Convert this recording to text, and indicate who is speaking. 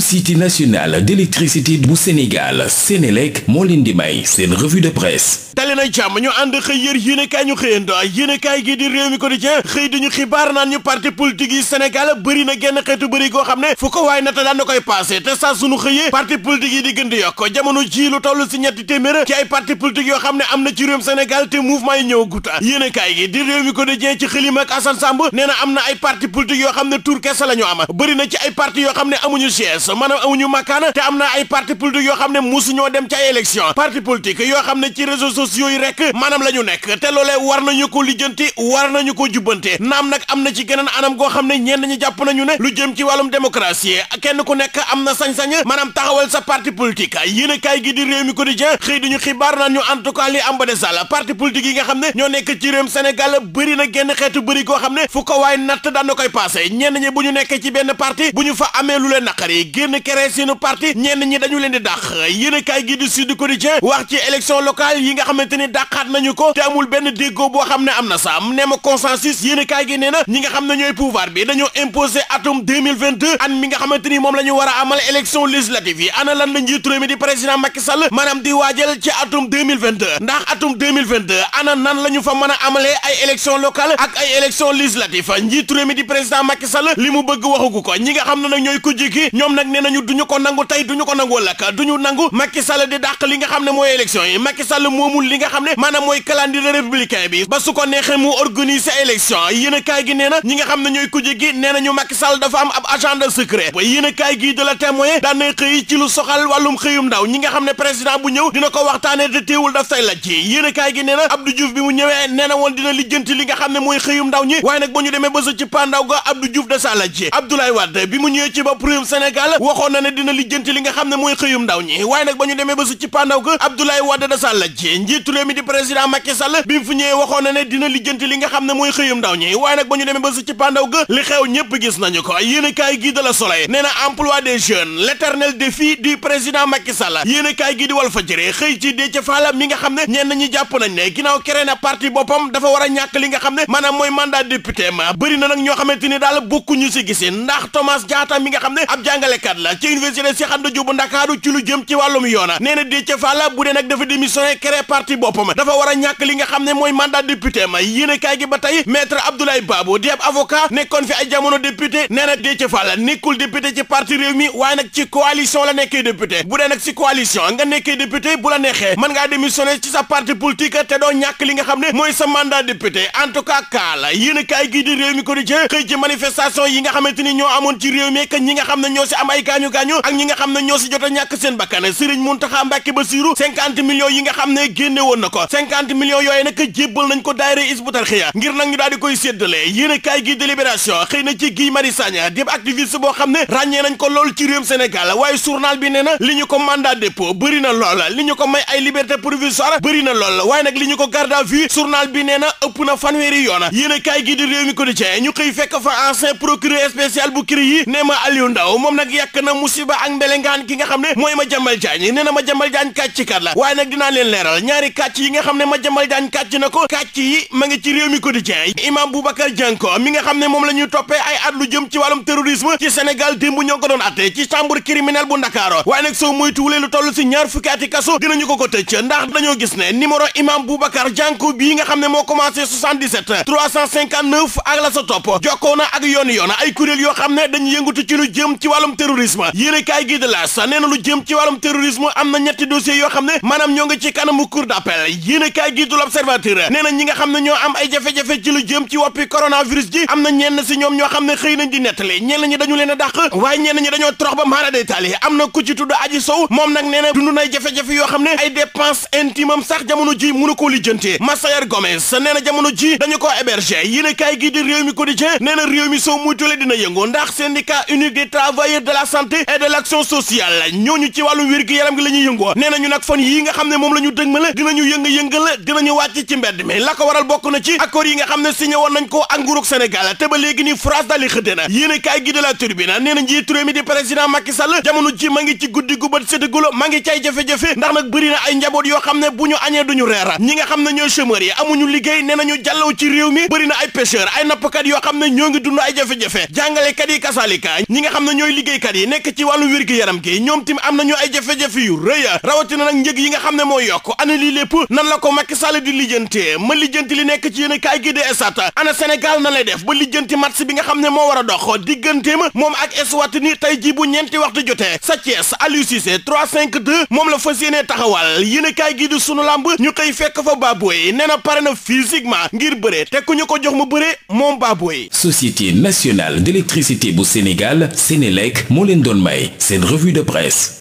Speaker 1: société nationale d'électricité bu Sénégal Sénélec moo leen di may seen revue de presse tali na jàmm ñu ànd xëy yër yéenekaay ñu xëyando yéenekaay gi di réew mi quotidien xëy di xibaar naan ñu parti politique yi Sénégal bëri na genn xeetu bëri goo xam ne fu ko waaye nata daan na koy passé te saa sunu xëyee parti politique yi di gën di yokk jamono ji lu toll si ñetti téeméer ci ay parti politique yoo xam ne am na ci réewum Sénégal te mouvement yi ñëw guta yéenekaay gi di réew mi quotidien ci xëlim ay parti politique yoo xam ne tur kese la ñu am bëri na ci ay yoo xam ne amuñu siège force amuñu makkaan te am na ay parti politique yoo xam ne musuñoo dem ca ay parti politique yoo xam ne ci réseaux sociaux yi rek maanaam la nekk te loolee war nañu ko lijjanti war nañu ko jubbante naam nag am na ci geneen anam goo xam ne ñenn ñi jàpp nañu ne lu jëm ci wàllum démocratie kenn ku nekk am na sañ-sañ maanaam taxawal sa parti politique yéen a gi di réew mi quotidien xëy duñu xibaar naan ñu en tout cas li am ba parti politique yi nga xam ne ñoo nekk ci réewum Sénégal bëri na genn xeetu bëri goo xam ne fu ko waay natt daan na koy passé ñenn ñi bu ñu nekk ci benn bu ñu fa naqari génn créé seenu parti ñenn ñi dañu leen di dàq yéenekaay gi di Sud Quotidien wax ci élection locale yi nga xamante ni dàqaat nañu ko te amul benn déggoo boo xam ne am na saam nee ma consensus yéenekaay gi nee na ñi nga xam ne ñooy pouvoir bi dañoo imposé atum 2022 an mi nga xamante ni moom la ñu war a amal élection législative yi ana lan la njiitu réew mi di président Macky Sall maanaam di waajal ci atum 2022 ndax atum 2022 ana nan la ñu fa mën a amalee ay élection locale ak ay élection législative njiitu réew mi di président Macky Sall li mu bëgg waxugu ko ñi nga xam ne nag ñooy kujji ki ñoom nag nee nañu duñu ko nangu tey duñu ko nangu lak duñu nangu Macky Sall di dàq li nga xam ne mooy élection yi Macky Sall moomul li nga xam ne maanaam mooy calendrier républicain bi ko neexee mu organiser élection yéen a kaay gi nee na nga xam ne ñooy kuje gi nee nañu Macky Sall dafa am ab agenda secret ba yéen a kaay gi de la témoin daan na xëy ci lu soxal wàllum xëyum ndaw ñi nga xam ne président bu ñëw dina ko waxtaanee te teewul daf say la ci yéen a kaay gi nee na Abdou Diouf bi mu ñëwee nee na woon dina lijjanti li nga xam ne mooy xëyum ndaw ñi waaye nag ba ñu demee ba sa ci pandaw ga Abdou Diouf da sa laaj ci Abdoulaye mu ñëwee ci bopp réewum Sénégal Sall waxoon na ne dina lijjanti li nga xam ne mooy xëyum ndaw ñi waaye nag ba ba su ci pandaw ga Abdoulaye Wade da Sall ji njiitu réew mi di président Macky Sall bi mu fi ñëwee ne dina lijjanti nga xam ne mooy xëyum ndaw ñi waaye nag ba ba su ci pandaw ga li xew ñëpp gis nañu ko yéen kaay gi de la Soleil nee na emploi des ci Déthié Fall mi nga xam ne ñenn ñi jàpp nañ ne ginnaaw kere na parti boppam dafa war a ñàkk li nga xam ne maanaam mooy ma bëri àttekat la ci université Cheikh Anta Diop bu ci lu jëm ci wàllum yoona nee na Déthié bu dee nag dafa démissionné créé parti boppam dafa war ñàkk li nga xam ne mooy mandat député ma yéene gi ba tey maître Abdoulaye Babou di ab avocat nekkoon fi ay jamono député nee na Déthié nekkul député ci parti réew mi waaye nag ci coalition la nekkee député bu dee nag ci coalition nga nekkee député bu la neexee mën ngaa démissionné ci sa parti politique am ay gaañu gaañu ak ñi nga xam ne ñoo si jot a ñàkk seen bakkan Serigne Mountakha Mbacké Bassirou cinquante millions yi nga xam ne génne na ko cinquante millions yooyu nag jébbal nañ ko daayira Hizbut Tarqiyyah ngir nag ñu daal di koy séddale yéene kaay gi délibération xëy na ci Guy Marius Sagna dib boo xam ne ràññee nañ ko lool ci réewum Sénégal waaye journal bi nee na li ñu ko mandat dépôt bëri na lool li ñu ko may ay liberté provisoire bëri na lool waaye nag li ñu ko garde à vue journal bi nee na ëpp na fanweeri yoona yéene kaay gi di réew mi ne ma Aliou Ndao moom yàq na musiba ak mbelengaan ki nga xam ne mooy ma jambal jaañ nee na la waaye nag dinaa leen leeral ñaari kàcc yi nga xam ne ma jambal jaañ kàcc na ko kàcc yi ma ngi ci réew mi quotidien imam Boubacar Dianko mi nga xam ne moom la toppee ay at lu jëm ci wàllum terrorisme ci Sénégal démb ñoo ko doon atte ci chambre criminelle bu Ndakaaro waaye nag soo muy tuulee lu toll si ñaar fukki ati kaso dinañu ko ko tëj ndax dañoo gis ne numéro moo commencé 77 359 ak la sa topp jokkoo na ak yoon yoon terrorisme yéene kaay gi de la lu jëm ci wàllum terrorisme am na ñetti dossiers yoo xam ne maanaam ñoo ngi ci kanamu cour d'appel yéene kaay gi du l'observateur nee ñi nga xam ne ñoo am ay jafe-jafe ci lu jëm ci woppi coronavirus ji am na ñenn si ñoom ñoo xam ne xëy nañ di nettali ñenn ñi dañu leen a waaye ñenn ñi dañoo trox ba maara détaali am na ku ci tudd aji sow moom nag nee dund nay jafe-jafe yoo xam ne ay dépense intime sax jamono ji mënu koo la santé et de l'action sociale ñooñu ci wàllu wér gi yaram gi la ñuy yëngoo nee nañu nag fan yi nga xam ne moom la ñu dëgmal dinañu yënga-yëngal dinañu wàcc ci mbedd mi la ko waral bokk na ci accord yi nga xam ne signé woon nañ ko ak nguurug Sénégal te ba léegi ni France daal di xëdd na yéen a kaay gi de la Tribune nee na njiitu réew mi di président Macky Sall jamono ji ma ngi ci guddi gu bët sétagul ma ngi cay jafe-jafe ndax nag bëri na ay njaboot yoo bu ñu añee duñu reera ñi nga xam ne ñooy chômeurs amuñu liggéey nee nañu jàllaw ci réew mi bëri na ay pêcheur ay yoo xam ne ñoo ngi dund ay jafe-jafe jàngalekat yi kasaalika ñi nga xam ne ñooy liggéey liggéeykat yi nekk ci wàllu wér yaram gi ñoom tim am nañu ay jafe-jafe yu rëy rawatina nag njëg yi nga xam ne mooy yokk ana lii lépp nan la ko Macky Sall di lijjantee ma lijjanti li nekk ci yéen kaay gi de esat ana Sénégal na lay def ba lijjanti match bi nga xam ne moo war a dox digganteem moom ak Eswatini tey ji bu ñeenti waxtu jote sa Thiès Aliou Cissé 3-5-2 moom la fa yéenee taxawal yéen kaay gi di sunu lamb ñu koy fekk fa Baboye nee na pare na physiquement ngir bëre te ku ñu ko jox mu bëre moom Baboye société nationale d'électricité bu Sénégal Sénélec moo leen doon may seen revue de presse